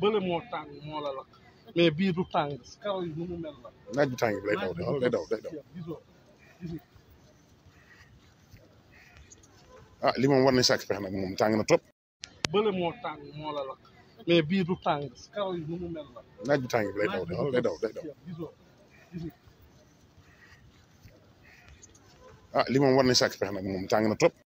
bële moo tàng moo la lakk mais bii bu tàng karo yi nu mu mel la. naaj bi tàng bi lay daw day daw day daw. ah li moom war nañ sàkk pexe nag moom tàng na trop. bële moo tàng moo la lakk mais bii du tàng karo yi nu mu mel la. naaj bi tàng bi lay daw day daw day daw. ah li moom war nañ sàkk pexe nag moom tàng na trop.